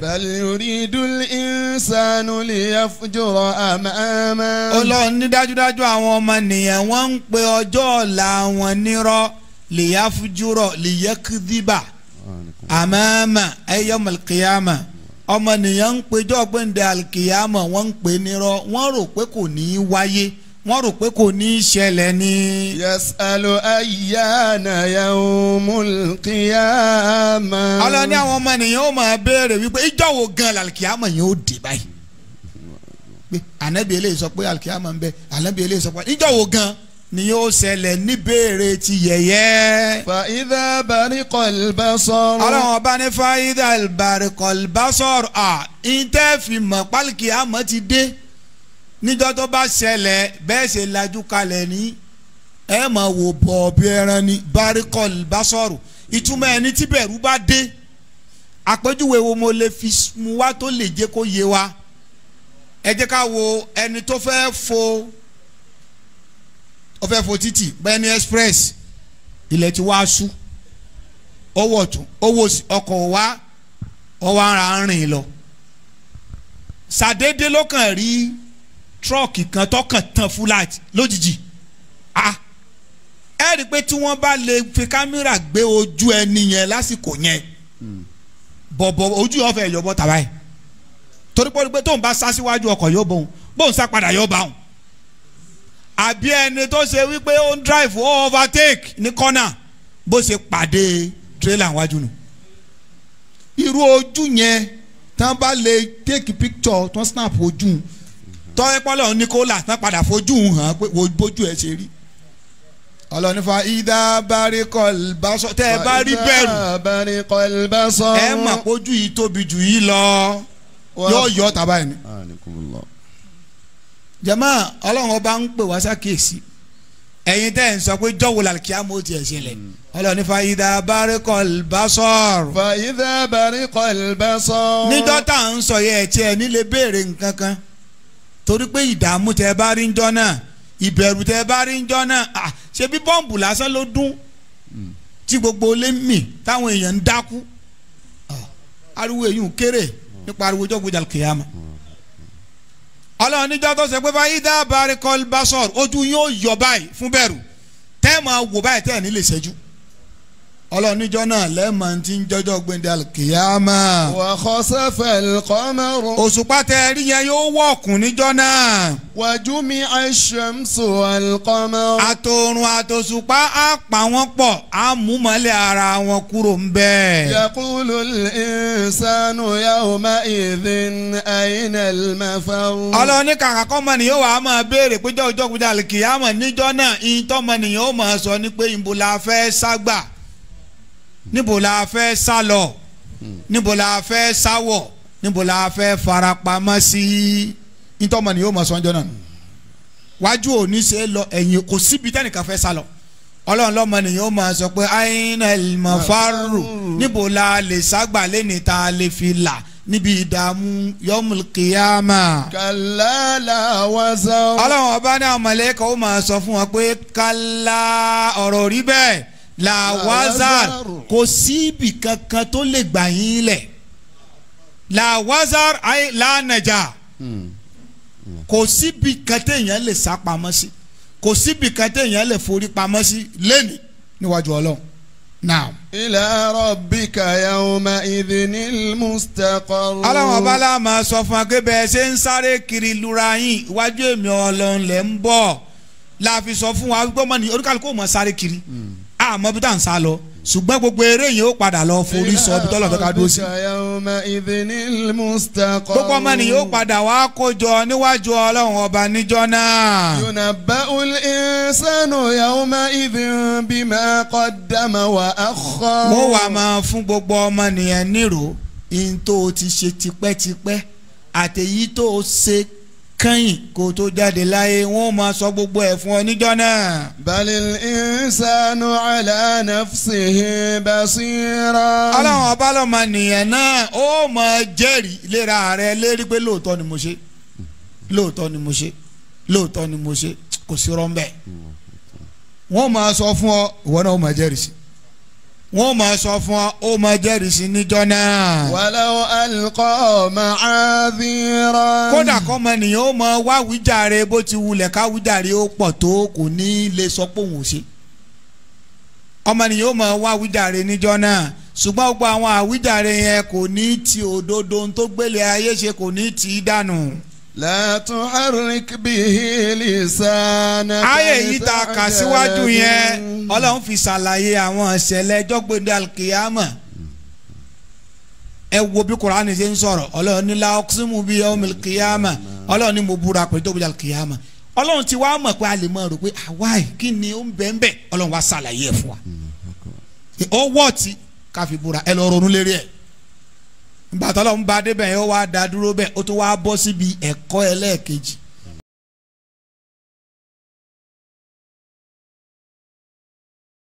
bal yuridul insanu liyafjura amama. ọlọ́run ní dájúdájú àwọn ọmọ nìyẹn wọ́n ń pe ọjọ́ ọ̀la wọn nírọ́ liyafjura liyakdhiba amama ayyamul qiyama ọmọ nìyẹn ń pejọ́ gbẹ̀ǹdẹ̀ alkiyama wọ́n ń pe nírọ́ wọ́n rò pé kò ní í wáyé wọ́n rò pé kò ní í ṣẹlẹ̀ ni. yasalu ayyana yawmul qiyamah. ọlọ́ni àwọn ọmọ nìyẹn ó máa béèrè wípé ìjọ́ wo gan làlùkìyàmọ̀ yẹn ó dé báyìí. pé ànábì sọ pé àlùkìyàmọ̀ ń bẹ ànábì eléyìí sọ pé ìjọ́ wo gan ni yóò ṣẹlẹ̀ ní béèrè ti yẹ̀yẹ́. fa idha barikal ọlọ́run ọba ní fa idha barikal à ń tẹ́ fi mọ̀ pálíkì àmọ́ ti dé níjọ́ tó bá ṣẹlẹ̀ bẹ́ẹ̀ ṣe lajú kalẹ̀ ní ẹ máa wò bọ̀ bí ẹran ni barikol basọ̀rù ìtumọ̀ ẹni tí bẹ̀rù bá dé àpèjúwe wo mo lè fi mu wá tó lè jẹ́ kó yé wa ẹ jẹ́ ká wo ẹni tó fẹ́ fo ó fẹ́ fo títì bẹ́ẹ̀ express ilẹ̀ ti wá sú owó ọ̀tún owó ọkọ̀ wá ọwọ́ ara ń rìn lọ ṣàdédé ló kàn rí tírọ́ọ̀kì kan tọkàn tán fúláàtì lójijì a ẹ rí i pé tí wọ́n bá lè fi kámẹ́rà gbé ojú ẹni yẹn lásìkò yẹn bọ̀bọ̀ ojú ọ̀fẹ́ yọ̀bọ̀ tàbá yìí torí pé tóun bá sá síwájú ọkọ̀ yóò bọ̀ òun bóun sá padà yóò bá òun àbí ẹni tó ṣe wípé ó ń drive ó overtake ní kọ́nà bó ṣe pàdé tírélà wájú nù. irú ojú yẹn tán bá lè take picture tán snap ojú tọ́wẹ́pọ́lọ́ ní kó là tán padà fojú hàn pé wo bójú ẹ ṣe rí ọlọ́ni fa ìdá bari kọlbásọ tẹ́ ẹ bá rí bẹ̀rù ẹ mà pójú yìí tóbi jù yìí lọ yóò yọ tàbá ẹ̀ ni. jàmáà ọlọ́run ọba ń pè wá sákèsí ẹ̀yin tẹ́ ẹ̀ sọ pé jọ́wọ́ làlùkíá mo tiẹ̀ ṣẹlẹ̀ hmm. ọlọ́ni fa ìdá bari kọlbásọ. fa ìdá bari kọlbásọ. níjọ́ tá ń sọ yẹ ẹ̀ tiẹ̀ nílé béèrè nǹkan torí pé ìdààmú tẹ bá rí ń jọ náà ìbẹ̀rù tẹ bá rí ń jọ náà ṣe bí bọ́ǹbù lásán ló dún tí gbogbo lé mì táwọn èèyàn ń dákú ariwo èyí ń kéré nípa ariwo jọ́gbọ́jà kìyàmù ọlọ́run níjọ́ tó ṣe pé báyìí dá barikọ́l basọ̀r ojú yóò yọ báyìí fún bẹ̀rù tẹ́ẹ̀ máa báyìí tẹ́ẹ̀ ní ṣẹ́jú ọlọ́nijọ́ náà lẹ́ẹ̀mọ̀ tí ń jọjọ́ gbẹ̀ndẹ̀ alkiyama. wa khasafa al-qamar. òṣùpá tẹ ẹrí yẹn yóò wọ̀kùn níjọ́ náà. wa jumi'a ash-shamsu wal-qamar. àtòrùn àtòṣùpá á pa wọ́n pọ̀ á mú mọ́lẹ̀ ara wọn kúrò ń bẹ̀. yaqulu al-insanu yawma idhin ayna al-mafar. ọlọ́ni kàkà kọ́ mọ nìyó wàá máa níbo la fẹ́ sá lọ hmm. níbo la fẹ́ sáwọ̀ níbo la fẹ́ farapamọ́ sí ntọ́mọ ni yóò mọ sọ́njọ́ náà wájú òní ṣe lọ ẹ̀yìn kò síbi tẹ́nìkan fẹ́ sá lọ ọlọ́run lọ́mọ ni yóò máa sọ pé aina elmafaru hmm. níbo la lè ságbà lẹ́ni ta lè fi là níbi ìdààmú yọmul kìyàmà. kàlá ọlọ́run ọba ní àwọn mọ̀lẹ́kọ̀ máa sọ fún wọn pé kàlá ọ̀rọ̀ rí bẹ́ẹ̀ làwázàr kò sí ibì kankan tó lè gbà yín lẹ̀ làwázàr ayé lànàjà hmm. kò síbi kan téèyàn lè sá pamọ́ sí kò síbi kan téèyàn lè forí pamọ́ sí lẹ́ni níwájú ọlọ́run naam. ila rabbika yawma idhinil mustaqarru. aláwọn ọba la máa sọ fún akébẹ ṣé ń sáré kiri lura yín iwájú èmi ọlọ́run lẹ ń bọ̀ la fi sọ fún wa gbọ́mọ ní oníkàlùkù ò sáré kiri hmm àmọ́ bí tá à ń sá lọ ṣùgbọ́n gbogbo eré yẹn ó padà lọ forí sọ ibi tọ́lọ̀ fẹ́ ká dúró sí. gbogbo ọmọ nìyẹn ó padà wá kójọ níwájú ọlọ́run ọba níjọ́ náà. yunabba'ul insanu yawma idhin bima qaddama wa akhkhara. mo wà máa fún gbogbo ọmọ nìyẹn nírò ihun tó o ti ṣe tipẹ́tipẹ́ àtèyí tó o ṣe kẹ́yìn kó tó jáde láyé wọ́n máa sọ gbogbo ẹ̀ fún ọ náà. balil insanu ala nafsihi basira. ọlọ́run ọba nìyẹn náà ó máa jẹ́rìí lera rẹ lérí pé lóòótọ́ ni mo ṣe lóòótọ́ ni mo ṣe lóòótọ́ ni mo ṣe kò sí rọ́ńbẹ́. wọ́n máa sọ fún ọ ìwọ náà ó máa jẹ́rìí sí wọ́n máa sọ fún ọ ó máa jẹ́rìí sí níjọ́ náà. wàlẹ́ alùkọ́ máa bí rán. kódà kọ́mọ nìyẹn ó máa wá wíjàre bó ti wulẹ̀ ká wíjàre ó pọ̀ tó kò ní lè sọ pé òun ò ṣe. ọmọ nìyẹn ó máa wá wíjàre níjọ́ náà ṣùgbọ́n gbogbo àwọn àwíjàre yẹn kò ní ti òdodo tó gbélé ayé ṣe kò ní ti dànù la tuharrik bihi lisana. ayé yìí ta kà síwájú yẹn ọlọ́run fi ṣàlàyé àwọn ìṣẹ̀lẹ̀ jọ́gbẹ́dẹ́ alkiyama ẹ wo bí kuraani ṣe ń sọ̀rọ̀ ọlọ́run ní la uqsimu bi yawmil ọlọ́run ní mo búra pé tó bí alkiyama ọlọ́run ti wá mọ̀ pé a lè mọ̀ rò pé àwáì kí ni ó ń bẹ̀ ń bẹ̀ ọlọ́run wá ṣàlàyé ẹ̀ fún wa ọwọ́ ti káfí búra ẹ lọ ronú lérí ẹ̀ gbàtọ́lọ́ ń ba débẹ̀ yẹn ó wá da dúró bẹ́ẹ̀ ó tún wá bọ́ síbi ẹ̀kọ́ ẹlẹ́ẹ̀kejì